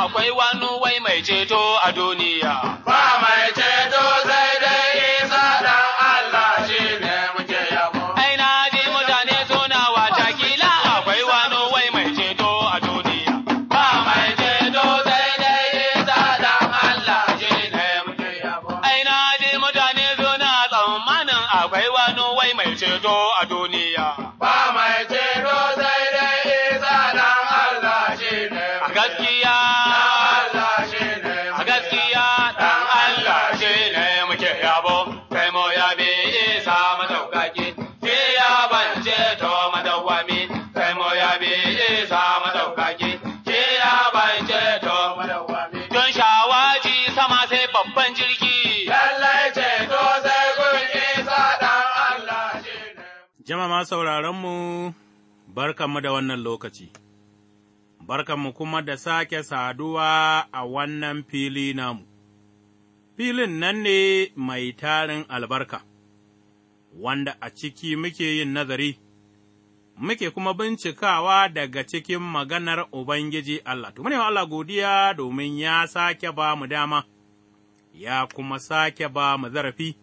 akwai wani wai mai ceto a duniya. Ba mai ceto sai dai isa ɗan Allah shi ne muke yabo. Ai na ji mutane suna wata kila akwai wani wai mai ceto a duniya. Ba mai ceto sai dai isa ɗan Allah shi ne muke yabo. Ai na ji mutane suna tsammanin akwai wani wai mai ceto a duniya. sauraronmu, mu da wannan lokaci, barka mu kuma da sake saduwa a wannan fili namu, filin nan ne mai tarin albarka, wanda a ciki muke yin nazari, muke kuma bincikawa daga cikin maganar Ubangiji Allah, tumune Allah godiya domin ya sake ba mu dama, ya kuma sake ba mu zarafi.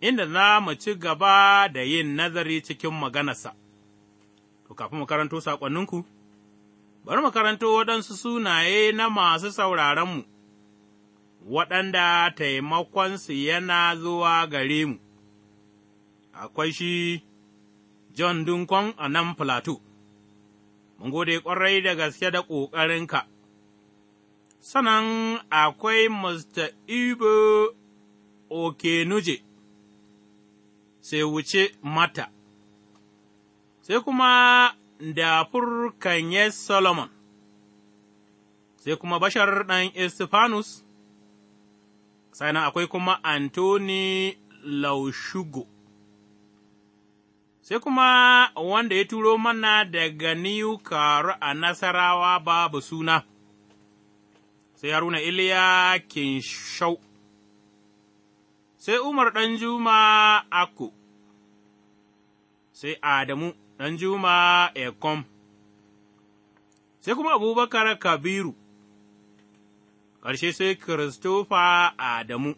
inda za mu ci gaba da yin nazari cikin maganarsa. To, kafin mu karanto saƙonninku, bari mu waɗansu sunaye na masu sauraronmu, waɗanda taimakonsu yana zuwa gare mu, akwai shi John Dunkon a nan Plateau, mun gode ƙwarai da gaske da ƙoƙarinka. Sannan akwai Mr. Ibo Okenuje. sai wuce mata, sai kuma da furkan yes Solomon, sai kuma bashar ɗan Estefanus, sannan akwai kuma Antoni Laushugo, sai kuma wanda ya turo mana daga New Karu a Nasarawa babu suna, sai ya runa Iliya Kinshau. sai Umar ɗan Juma Ako, sai Adamu ɗan Juma Ekom, sai kuma Abubakar Kabiru, ƙarshe sai Kiristofa Adamu.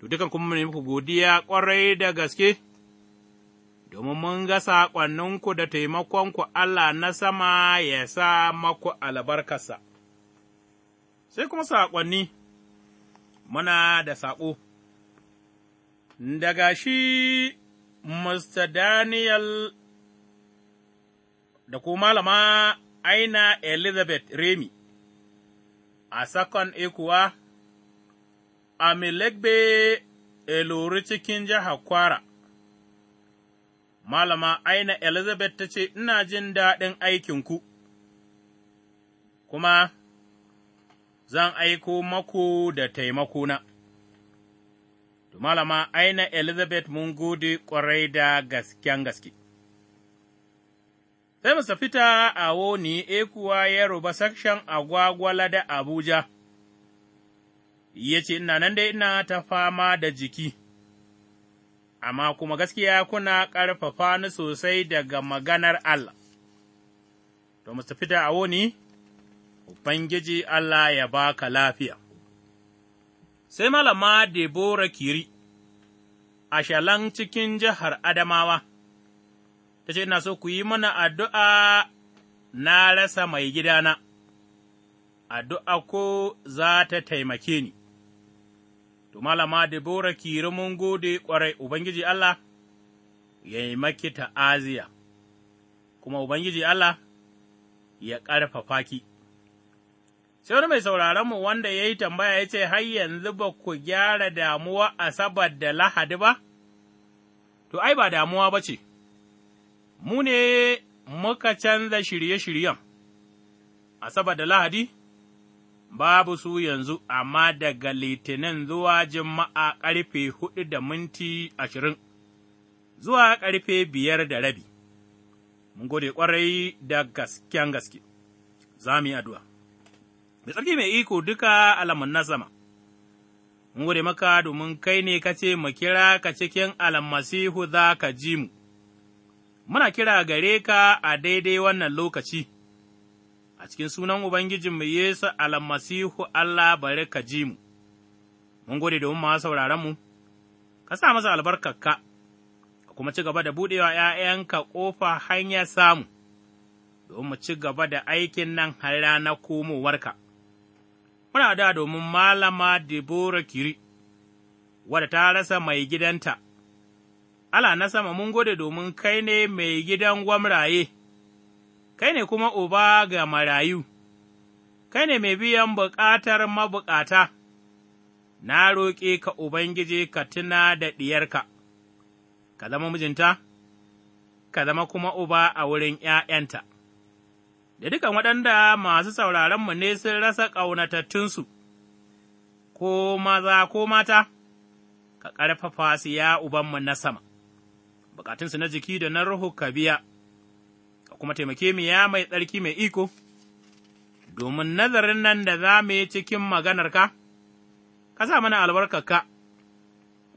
To, dukan kuma ne muku godiya ƙwarai da gaske, domin mun ga saƙonninku da taimakonku Allah na sama ya sa maku albarkasa. Sai kuma saƙonni. muna da saƙo. Daga shi, Mr. Daniel da kuma malama Aina Elizabeth Remy, a sakon ikuwa a Milegbe Elori cikin jihar Kwara. Malama Aina Elizabeth ta ce, Ina jin daɗin aikinku, kuma zan aiko maku da taimakona. Malama aina Elizabeth mun gode ƙwarai da gasken gaske. Sai mu fita a woni ekuwa ya ruba sakshen agwagwala da Abuja, ya ce, Ina nan dai ina ta fama da jiki, amma kuma gaskiya kuna ƙarfafa ni sosai daga maganar Allah. To, mu fita a woni? Ubangiji Allah ya baka lafiya. Sai malama Debora Kiri, a shalan cikin jihar Adamawa, ta ce, Ina so ku yi mana addu'a na rasa mai gidana, addu'a ko za ta taimake ni. To, malama Debora Kiri mun gode ƙwarai Ubangiji Allah, ya yi maki ta'aziya, kuma Ubangiji Allah ya ƙarfafa ki. Sai wani mai mu wanda ya yi tambaya ya ce, Har yanzu ba ku gyara damuwa Asabar da Lahadi ba? To, ai, ba damuwa ba ce, mu ne muka canza shirye-shiryen, Asabar da Lahadi? babu su yanzu, amma daga Litinin zuwa Juma'a ƙarfe hudu da minti ashirin, zuwa ƙarfe biyar da rabi, mun gode ƙwarai da gasken gaske, za mu yi addu'a. mai tsarki mai iko duka alamun na sama. Mun gode maka domin kai ne ka ce mu kira ka cikin almasihu za ka ji mu, muna kira gare ka a daidai wannan lokaci, a cikin sunan Ubangijinmu Yesu almasihu Allah bari ka ji mu. Mun gode domin masu mu. ka sa masa albarkarka, ka kuma ci gaba da buɗewa ’ya'yanka ƙofa hanyar samu. domin mu ci gaba da aikin nan har ranar komowarka. muna da domin Malama Deborah Kiri, wadda ta rasa mai gidanta, Allah na sama mun gode domin kai ne mai gidan gwamraye, kai ne kuma uba ga marayu, kai ne mai biyan bukatar mabukata, na roƙe ka Ubangiji ka tuna da ɗiyarka, ka zama mijinta, ka zama kuma uba a wurin ’ya'yanta. da dukan waɗanda masu sauraronmu ne sun rasa ƙaunatattunsu, ko maza ko mata, ka ƙarfafa su ya Ubanmu na sama, bukatunsu na jiki da na ruhu ka biya, ka kuma taimake mu ya mai tsarki mai iko, domin nazarin nan da za mu yi cikin maganarka, ka sa mana albarkarka.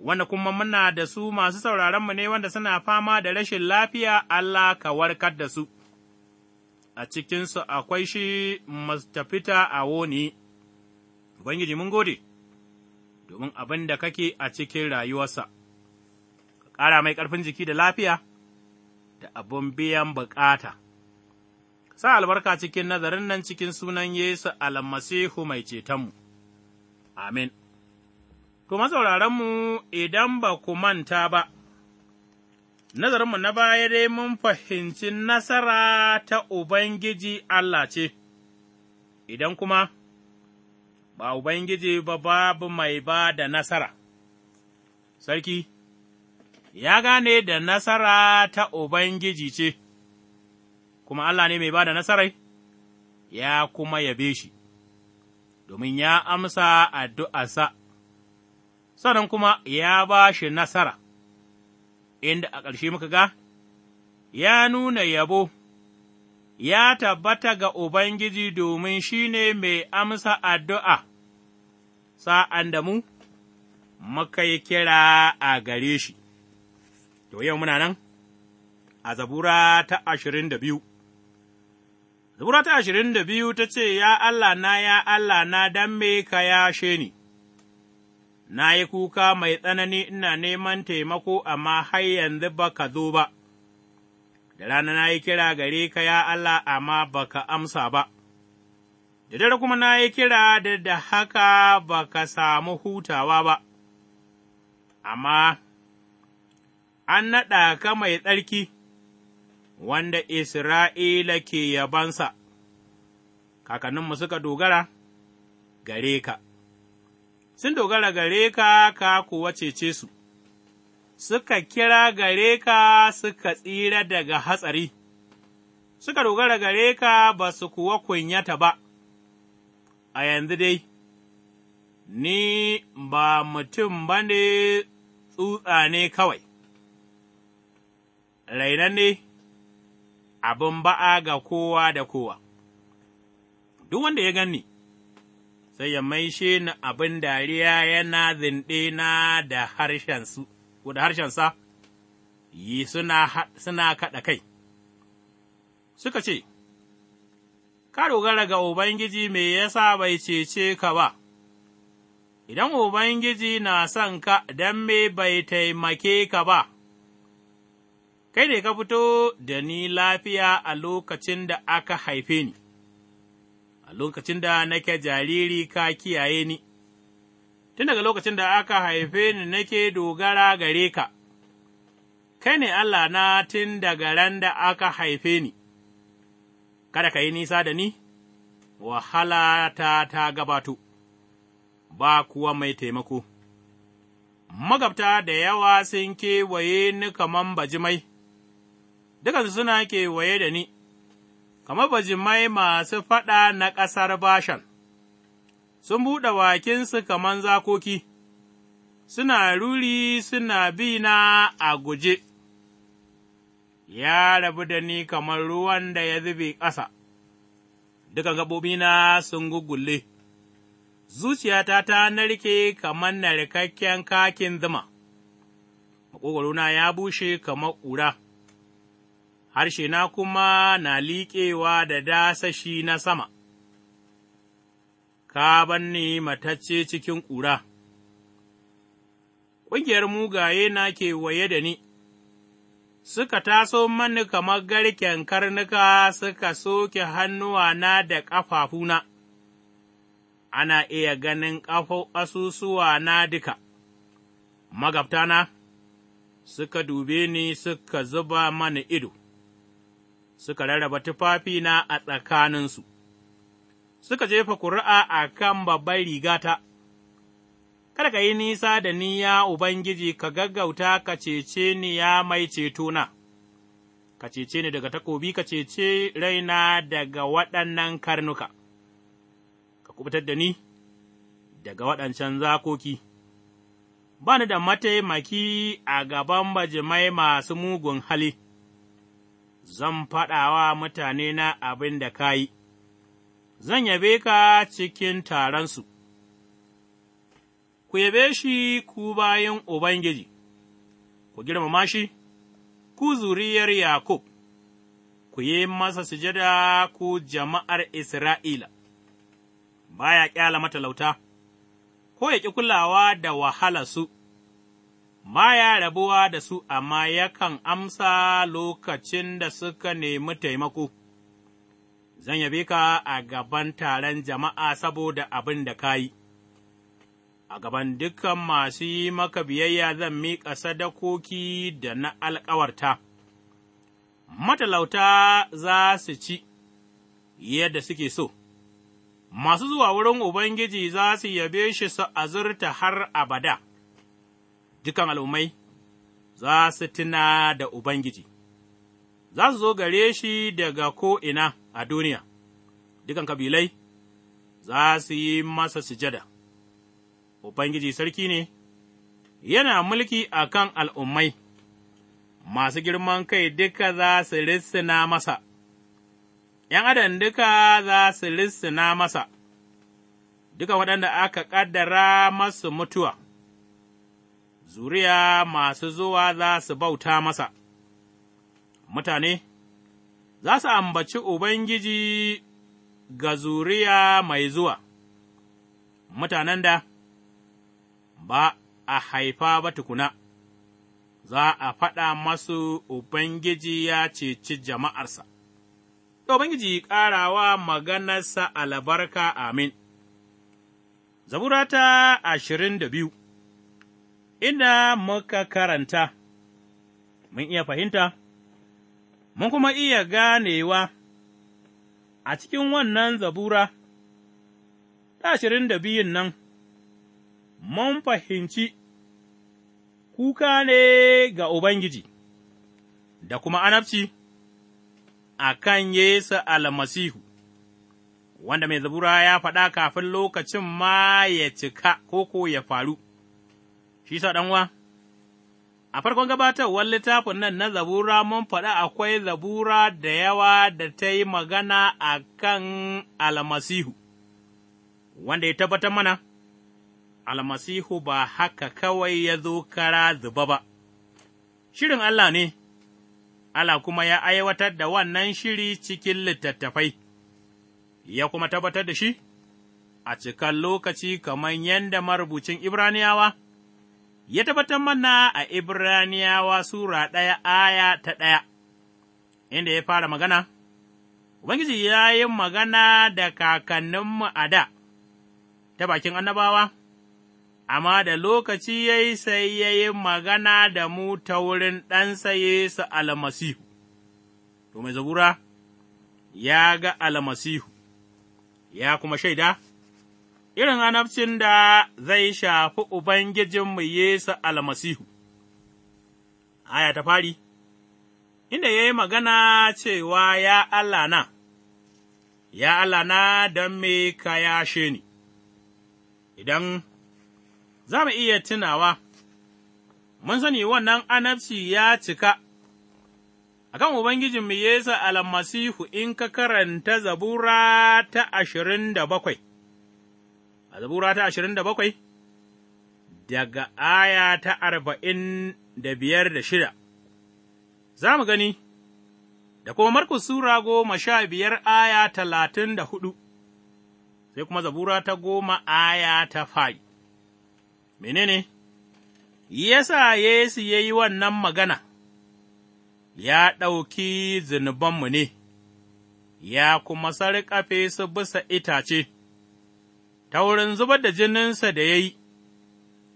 Wanda kuma muna da su masu sauraronmu ne wanda suna fama da rashin lafiya, Allah ka warkar da su. a cikinsu akwai shi mastafita a woni, Ubangiji mun gode, domin abin da kake a cikin rayuwarsa, ka ƙara mai ƙarfin jiki da lafiya da abin biyan bukata. Sa albarka cikin nazarin nan cikin sunan Yesu almasihu mai cetonmu, amin. To, mazauraranmu idan ba ku manta ba. nazarinmu na baya dai mun fahimci nasara ta Ubangiji Allah ce, idan kuma ba Ubangiji ba babu mai ba da nasara, sarki, ya gane da nasara ta Ubangiji ce, kuma Allah ne mai ba da nasarai, ya kuma yabe shi, domin ya amsa addu'arsa, sannan kuma ya ba shi nasara. inda a ƙarshe muka ga, ya nuna yabo, ya tabbata ga Ubangiji domin shi ne mai amsa addu'a, sa'an da mu, muka yi kira a gare shi, to yau muna nan, a zabura ta ashirin da biyu. Zabura ta ashirin da biyu ta ce, Ya Allah na, ya Allah na, don me ka yashe ni?’ na yi kuka mai tsanani ina neman taimako, amma har yanzu ba ka zo ba, da rana na yi kira gare ka, ya Allah, amma ba ka amsa ba, da dare kuma na yi kira da da haka ba ka samu hutawa ba, amma an naɗa ka mai tsarki, wanda Isra'ila ke yabansa, kakanninmu suka dogara gare ka. sun dogara gare ka ka kuwa cece su, suka kira gare ka suka tsira daga hatsari, suka dogara gare ka ba su kuwa kunyata ba, a yanzu dai, ni ba mutum ba ne tsutsa ne kawai, rainan ne abin ba'a ga kowa da kowa, duk wanda ya ganni. sai ya maishe ni abin dariya yana zinɗe na da harshensu, da harshensa, yi suna, kaɗa kai. Suka ce, Ka dogara ga Ubangiji me yasa bai cece ka ba, idan Ubangiji na son ka don me bai taimake ka ba, kai ne ka fito da ni lafiya a lokacin da aka haife ni. a lokacin da nake jariri ka kiyaye ni, tun daga lokacin da aka haife ni nake dogara gare ka, kai ne Allah na tun daga ran da aka haife ni, kada ka yi nisa da ni, wahala ta ta gabato, ba kuwa mai taimako. Magabta da yawa sun kewaye ni kaman bajimai, dukansu suna kewaye da ni. kamar bajimai masu faɗa na ƙasar Bashan, sun buɗe bakinsu kamar zakoki, suna ruri suna bi na a guje, ya rabu da ni kamar ruwan da ya zube ƙasa, dukan gaɓoɓina sun gugulle, zuciyata ta narke kamar narkakken kakin zuma, na ya bushe kamar ƙura. harshena kuma na liƙewa da dasashi na sama, ka banne matacce cikin ƙura, ƙungiyar mugaye na kewaye da ni, suka taso mani kamar garken karnuka suka soke hannuwa na da ƙafafuna, ana iya ganin asusuwa na duka, magabtana. Suka dube ni suka zuba mani ido, suka rarraba tufafina a tsakaninsu, suka jefa ƙuri'a a kan babbar rigata, kada ka yi nisa da ni, ya Ubangiji, ka gaggauta ka cece ni ya mai cetona, ka cece ni daga takobi, ka cece raina daga waɗannan karnuka, ka kubutar da ni daga waɗancan zakoki. Ba ni da mataimaki a gaban bajimai masu mugun hali. zan faɗawa mutane na abin da ka yi, zan yabe ka cikin taronsu, ku yabe shi ku bayan Ubangiji, ku girmama shi, ku zuriyar Yakub, ku yi masa sujada ku jama'ar Isra'ila, Ba ya ƙyala matalauta, ko ya ƙi kulawa da wahalarsu. su. ya rabuwa da su, amma yakan amsa lokacin da suka nemi taimako. Zan yabe ka a gaban taron jama'a saboda abin da ka yi, a gaban dukan masu yi maka biyayya zan miƙa sadakoki da na alkawarta, matalauta za su ci yadda suke so. Masu zuwa wurin Ubangiji za su yabe shi su azurta har abada. dukan al'ummai za su tuna da Ubangiji, za su zo gare shi daga ko'ina a duniya, dukan kabilai za su yi masa sujada. Ubangiji sarki ne, yana mulki a kan al'ummai, masu girman kai duka za su rissina masa, ’yan adam duka za su rissina masa, duka waɗanda aka ƙaddara masu mutuwa. zuriya masu zuwa za su bauta masa, mutane za su ambaci Ubangiji ga zuriya mai zuwa, mutanen da ba a haifa ba tukuna, za a faɗa masu Ubangiji ya ceci jama'arsa. Ubangiji ƙarawa maganarsa albarka amin. Zabura ta ashirin da biyu Ina muka karanta, mun iya fahimta, mun kuma iya ganewa a cikin wannan zabura ta ashirin da biyun nan, mun fahimci kuka ne ga Ubangiji da kuma anabci a kan Yesu almasihu. Wanda mai zabura ya faɗa kafin lokacin ma ya cika ko ko ya faru. shi sa ɗanwa, a farkon gabatarwar littafin nan na zabura mun faɗa akwai zabura da yawa da ta yi magana a kan almasihu, wanda ya tabbatar mana, almasihu ba haka kawai ya zo kara zuba ba, shirin Allah ne. Allah kuma ya aiwatar da wannan shiri cikin littattafai, ya kuma tabbatar da shi a cikin lokaci kamar yadda marubucin Ibraniyawa ya tabbatar mana a Ibraniyawa Sura ɗaya aya ta ɗaya, inda ya fara magana, Ubangiji ya yi magana da kakanninmu a da, ta bakin annabawa, amma da lokaci ya yi sai ya yi magana da mu ta wurin ɗansa Yesu almasihu, to mai zabura ya ga almasihu, ya kuma shaida. irin anabcin da zai shafi Ubangijinmu Yesu almasihu. Aya ta fari, inda ya yi magana cewa ya Allah na, ya Allah na don me ka yashe ni, idan za mu iya tunawa, mun sani wannan anabci ya cika. A kan Ubangijinmu Yesu almasihu in ka karanta zabura ta ashirin da bakwai. a zabura ta ashirin da bakwai, daga aya ta arba'in da biyar da shida, za mu gani, da kuma Markus Sura goma sha biyar aya talatin da hudu, sai kuma zabura ta goma aya ta fai. Menene? Yasa Yesu ya yi wannan magana, ya ɗauki zunubanmu ne, ya kuma sarƙafe su bisa itace. ta wurin zubar da jininsa da ya yi,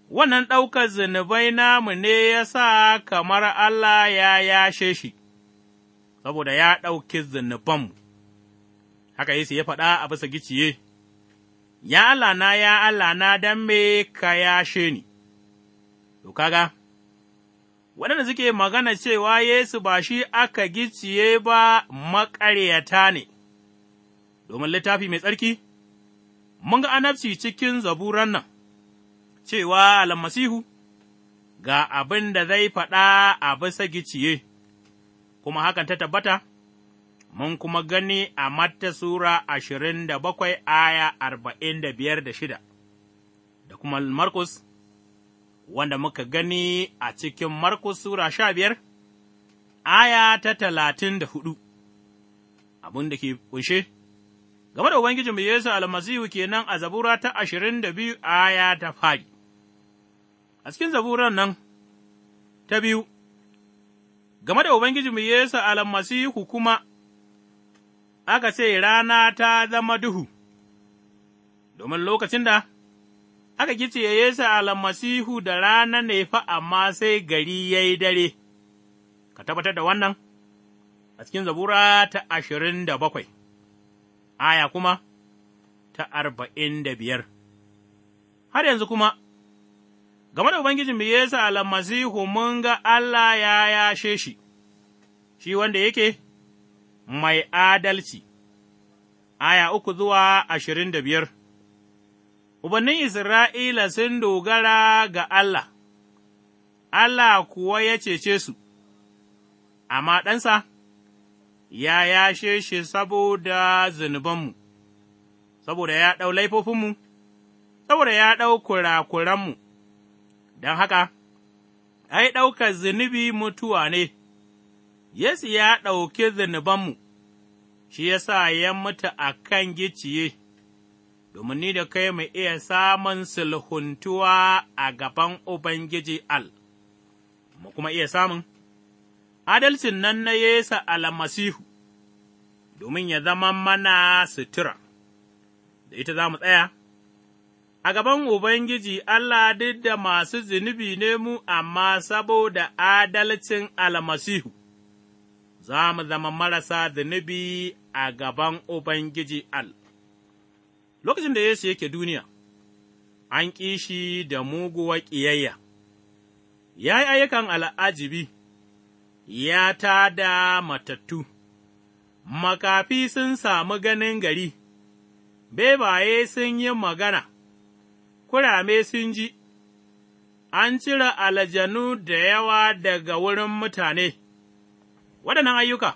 wannan ɗaukar zunubai namu ne ya sa kamar Allah ya yashe shi, saboda ya ɗauki zunubanmu. Haka Yesu ya faɗa a bisa giciye, Ya Allah na, ya Allah na, don me ka yashe ni, to kaga, waɗanda suke magana cewa Yesu ba shi aka giciye ba maƙaryata ne, domin littafi mai tsarki? mun ga anabci cikin zaburan nan, cewa almasihu ga abin da zai faɗa a bisa giciye, kuma hakan ta tabbata, mun kuma gani a Matta Sura ashirin da bakwai aya arba'in da biyar da shida, da kuma Markus, wanda muka gani a cikin Markus Sura sha biyar, aya ta talatin da hudu, abin da ke ƙunshe. game da Ubangijinmu Yesu almasihu kenan a zabura ta ashirin da biyu aya ta fari. A cikin zaburan nan ta biyu, game da Ubangijinmu Yesu almasihu kuma aka ce rana ta zama duhu, domin lokacin da aka gice Yesu almasihu da rana ne fa amma sai gari ya yi dare, ka tabbatar da wannan a cikin zabura ta ashirin da bakwai. aya kuma ta arba'in da biyar. Har yanzu kuma, game da Ubangijin me yasa almasihu mun ga Allah ya yashe shi, shi wanda yake mai adalci, aya uku zuwa ashirin da biyar. Ubannin Isra'ila sun dogara ga Allah, Allah kuwa ya cece su, amma ɗansa, ya yashe shi saboda zunubanmu, saboda ya ɗau laifofinmu, saboda ya ɗau kurakuranmu, don haka, ai, ɗaukar zunubi mutuwa ne, Yesu ya ɗauki zunubanmu, shi ya sa ya mutu a kan giciye, domin ni da kai mu iya samun sulhuntuwa a gaban Ubangiji Al, mu kuma iya samun. adalcin nan na Yesu almasihu, domin ya zama mana sutura, da ita za mu tsaya, a gaban Ubangiji Allah duk da masu zunubi ne mu, amma saboda adalcin almasihu, za mu zama marasa zunubi a gaban Ubangiji Allah. Lokacin da Yesu yake duniya, an ƙishi da muguwa ƙiyayya, ya yi ayyukan al'ajibi. ya tā da matattu, makafi sun samu ganin gari, bebaye sun yi magana, kurame sun ji, an cire aljanu da yawa daga wurin mutane, waɗannan ayyuka,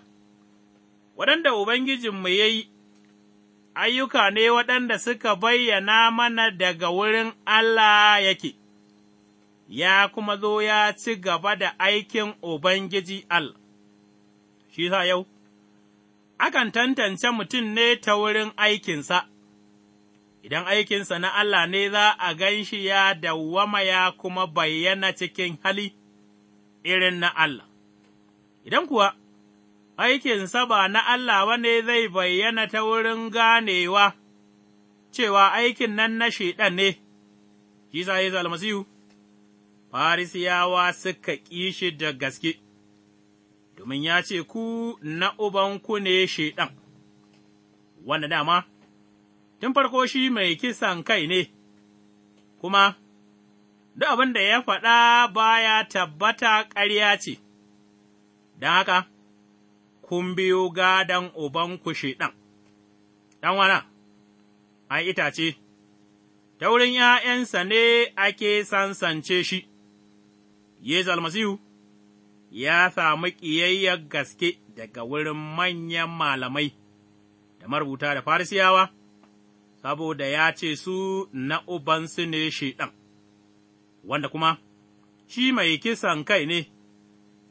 waɗanda Ubangijinmu ya yi, ayyuka ne waɗanda suka bayyana mana daga wurin Allah yake. ya kuma zo ya ci gaba da aikin Ubangiji Allah. Shi sa yau, akan tantance mutum ne ta wurin aikinsa, idan aikinsa na Allah ne za a gan shi ya dawwama ya kuma bayyana cikin hali irin na Allah, idan kuwa aikinsa ba na Allah ba ne zai bayyana ta wurin ganewa cewa aikin nan na shiɗan ne, shi sa Yesu almasihu. Farisiyawa suka ƙi shi da gaske, domin ya ce, Ku na ubanku ne Shaiɗan, wanda dama, tun farko shi mai kisan kai ne, kuma duk abin da ya faɗa baya tabbata ƙarya ce, don haka, kun biyo gadon ubanku Shaiɗan, ɗan wana, ai itace, ta wurin ’ya'yansa ne ake sansance shi. Yesu almasihu ya samu ƙiyayyar gaske daga wurin manyan malamai da marubuta da farisiyawa, saboda ya ce su na ubansu ne shaiɗan, wanda kuma shi mai kisan kai ne,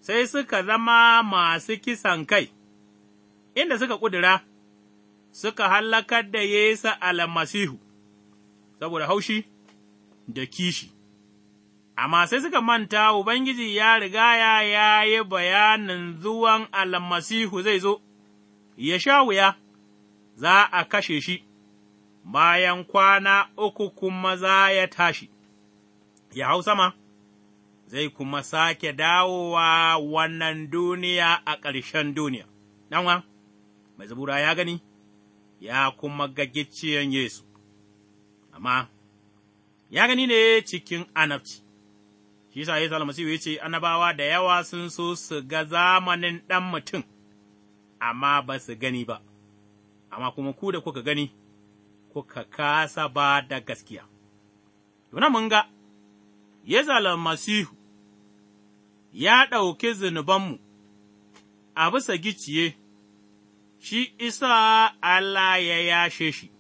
sai suka zama masu kisan kai, inda suka ƙudura suka hallakar da Yesu almasihu, saboda haushi da kishi. amma sai suka manta Ubangiji ya riga ya yi bayanin zuwan almasihu zai zo, ya sha wuya, za a kashe shi, bayan kwana uku kuma za ya tashi, ya hau sama, zai kuma sake dawowa wannan duniya a ƙarshen duniya. Ɗanwa, mai zabura ya gani, ya kuma ga gicciyen Yesu, amma ya gani ne cikin anabci. shi sa Yesu almasihu ya ce, Annabawa da yawa sun so su ga zamanin ɗan mutum, amma ba su gani ba, amma kuma ku da kuka gani, kuka kasa ba da gaskiya. Tuna mun ga, Yesu almasihu ya ɗauki zunubanmu a bisa giciye, shi isa Allah ya yashe shi,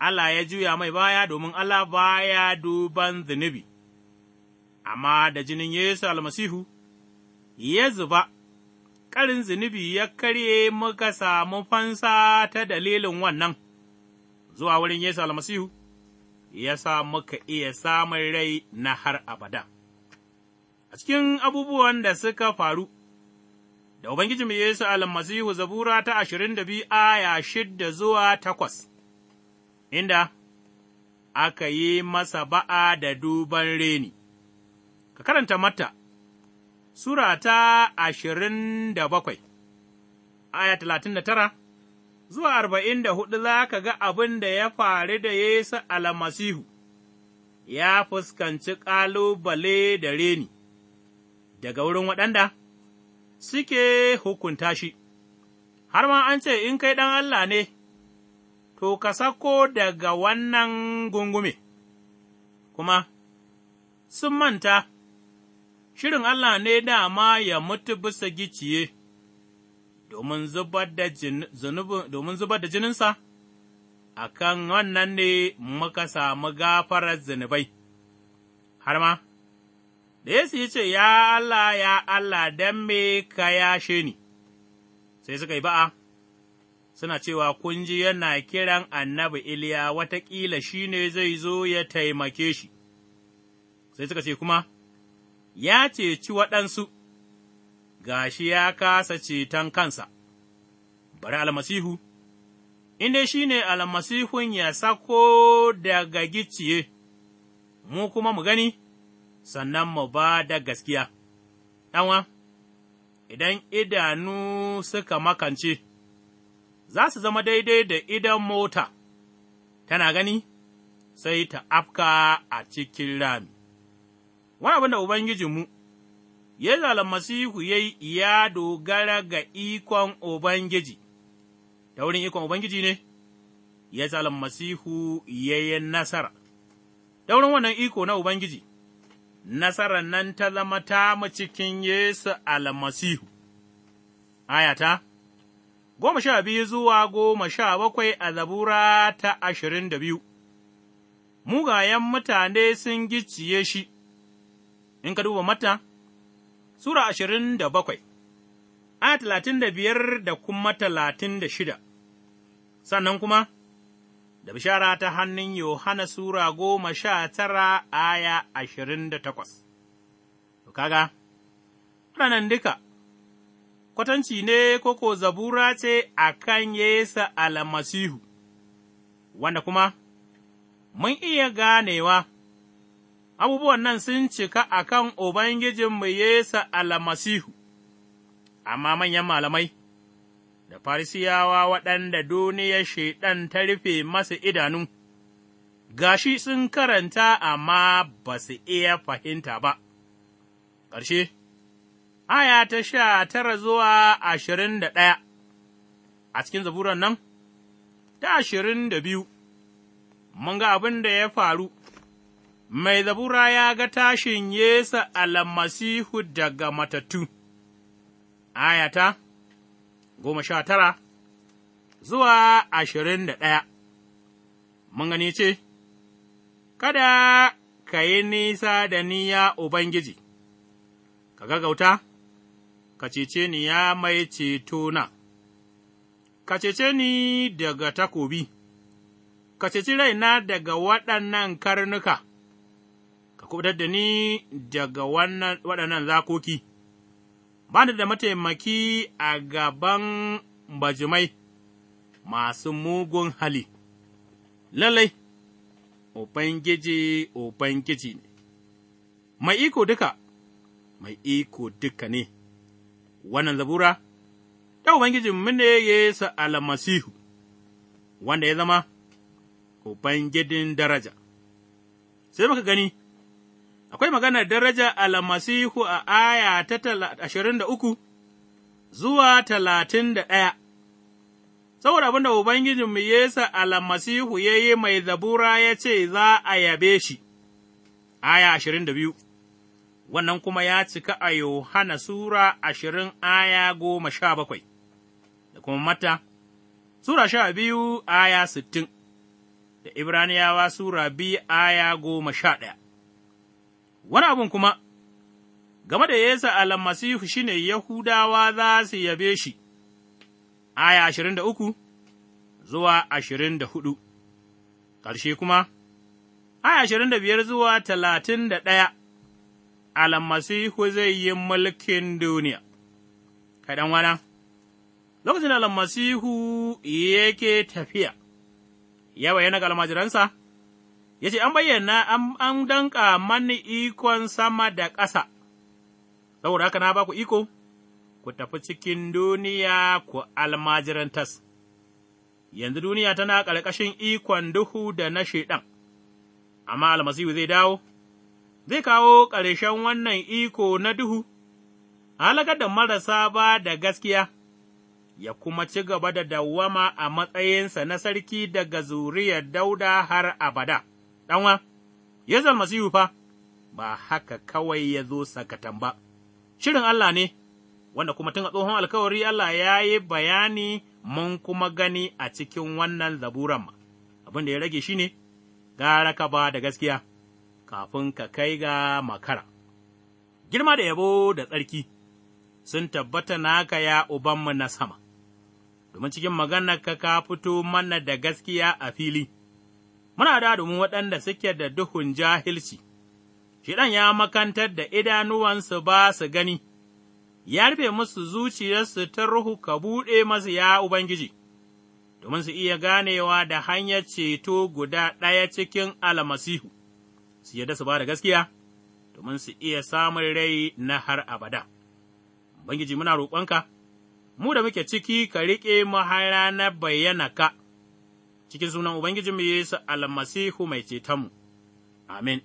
Allah ya juya mai baya domin Allah baya duban zunubi. amma da jinin Yesu almasihu, ya zuba, ƙarin zunubi ya karye muka samu fansa ta dalilin wannan, zuwa wurin Yesu almasihu, ya sa muka iya samun rai na har abada. A cikin abubuwan da suka faru, da Ubangiji mai Yesu almasihu zabura ta ashirin da biyu aya shidda zuwa takwas, inda aka yi masa ba'a da duban reni. ka karanta mata, Sura ta ashirin da bakwai, aya talatin da tara, zuwa arba'in da hudu za ka ga abin da ya faru da Yesu almasihu, ya fuskanci ƙalubale da reni daga wurin waɗanda suke hukunta shi, har ma an ce in kai ɗan Allah ne, to ka sako daga wannan gungume, kuma sun manta. shirin Allah ne dama ya mutu bisa giciye, domin zubar da jininsa, a kan wannan ne muka samu gafarar zunubai, har ma, da Yesu ya ce, Ya Allah, ya Allah, don me ka yashe ni, sai suka yi ba'a. Suna cewa kun ji yana kiran annabi Iliya watakila shi ne zai zo ya taimake shi, sai suka ce kuma, ya ceci waɗansu, gashi ya kasa ceton kansa, bari almasihu, inda shi ne almasihun ya sako daga gicciye, mu kuma mu gani, sannan mu ba da gaskiya. Ɗanwa, idan idanu suka makance, za su zama daidai da idan mota, tana gani, sai ta afka a cikin rami. wani abin da Ubangijinmu, Yesu almasihu ya yi ya dogara ga ikon Ubangiji, ta wurin ikon Ubangiji ne, Yesu almasihu ya yi nasara, ta wurin wannan iko na Ubangiji, nasarar nan ta zama tamu cikin Yesu almasihu. Ayata, goma sha biyu zuwa goma sha bakwai a zabura ta ashirin da biyu, mugayen mutane sun gicciye shi. in ka duba mata, Sura ashirin da bakwai, aya talatin da biyar da kuma talatin da shida, sannan kuma, da bishara ta hannun Yohana Sura goma sha tara aya ashirin da takwas. Kaga, waɗannan duka, kwatanci ne koko zabura ce a kan Yesu almasihu, wanda kuma mun iya ganewa. abubuwan nan sun cika a kan Ubangijinmu Yesu almasihu, amma manyan malamai da farisiyawa waɗanda duniyar shaiɗan ta rufe masu idanu, gashi sun karanta amma ba su iya fahimta ba. Ƙarshe, aya ta sha tara zuwa ashirin da ɗaya a cikin zaburan nan, ta ashirin da biyu, mun ga abin da ya faru. mai zabura ya ga tashin Yesu almasihu daga matattu, ayata goma sha tara zuwa ashirin da ɗaya, mun gani ce, Kada ka yi nisa da ni ya Ubangiji, ka gagauta, ka cece ni ya mai cetona, ka cece ni daga takobi, ka ceci raina daga waɗannan karnuka. kubutar da ni daga waɗannan zakoki, ba da mataimaki a gaban bajimai masu mugun hali, lallai, Ubangiji, Ubangiji ne, mai iko duka, mai iko duka ne, wannan zabura, ta Ubangijinmu ne Yesu almasihu, wanda ya zama Ubangijin daraja. sai muka gani Akwai maganar daraja almasihu a aya ta ashirin da uku zuwa talatin da ɗaya, saboda abin da Ubangijinmu Yesu almasihu ya yi mai zabura ya ce za a yabe shi, aya ashirin da biyu, wannan kuma ya cika a Yohana Sura ashirin aya goma sha bakwai, da kuma mata, Sura sha biyu aya sittin, da Ibraniyawa Sura biyu aya goma sha ɗaya. wani abin kuma, game da Yesu almasihu shi ne Yahudawa za su yabe shi, aya ashirin da uku zuwa ashirin da hudu, ƙarshe kuma, aya ashirin da biyar zuwa talatin da ɗaya, almasihu zai yi mulkin duniya. Kai ɗan wana, lokacin almasihu yake tafiya, yawa yana ga almajiransa? ya ce, An bayyana an danƙa mani ikon sama da ƙasa, saboda haka na ba ku iko, ku tafi cikin duniya ku almajirantas, yanzu duniya tana ƙarƙashin ikon duhu da na shaiɗan, amma almasihu zai dawo, zai kawo ƙarshen wannan iko na duhu, halakar da marasa ba da gaskiya. ya kuma ci gaba da dawama a matsayinsa na sarki daga zuriyar Dauda har abada. ɗanwa, Yesu almasihu fa, ba haka kawai ya zo sakatan ba, shirin Allah ne, wanda kuma tun a tsohon alkawari Allah ya yi bayani mun kuma gani a cikin wannan zaburan ma, abin da ya rage shi ne, gara ka ba da gaskiya, kafin ka kai ga makara. Girma da yabo da tsarki sun tabbata naka ya Ubanmu na sama, domin cikin ka ka fito mana da gaskiya a fili. muna da domin waɗanda suke da duhun jahilci, shiɗan ya makantar da idanuwansu ba su gani, ya rufe musu zuciyarsu ta ruhu ka buɗe masu ya Ubangiji, domin su iya ganewa da hanyar ceto guda ɗaya cikin almasihu, su yadda su ba da gaskiya, domin su iya samun rai na har abada. Ubangiji muna roƙonka, mu da muke ciki ka riƙe mu har ranar bayyana ka. cikin sunan Ubangijinmu Yesu almasihu mai cetonmu. Amin.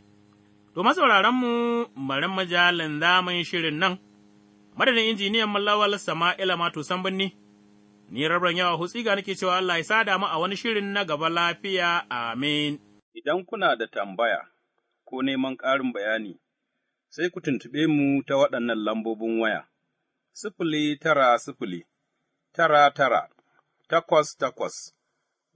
To, mu bari majalin daman shirin nan, madadin injiniyan mallawal Sama'ila Mato birni, ni rabar yawa hutsi ga nake cewa Allah ya sada mu a wani shirin na gaba lafiya, amin. Idan kuna da tambaya ko neman ƙarin bayani, sai ku tuntuɓe mu ta waɗannan lambobin waya, sifili tara sifili, tara tara, takwas takwas.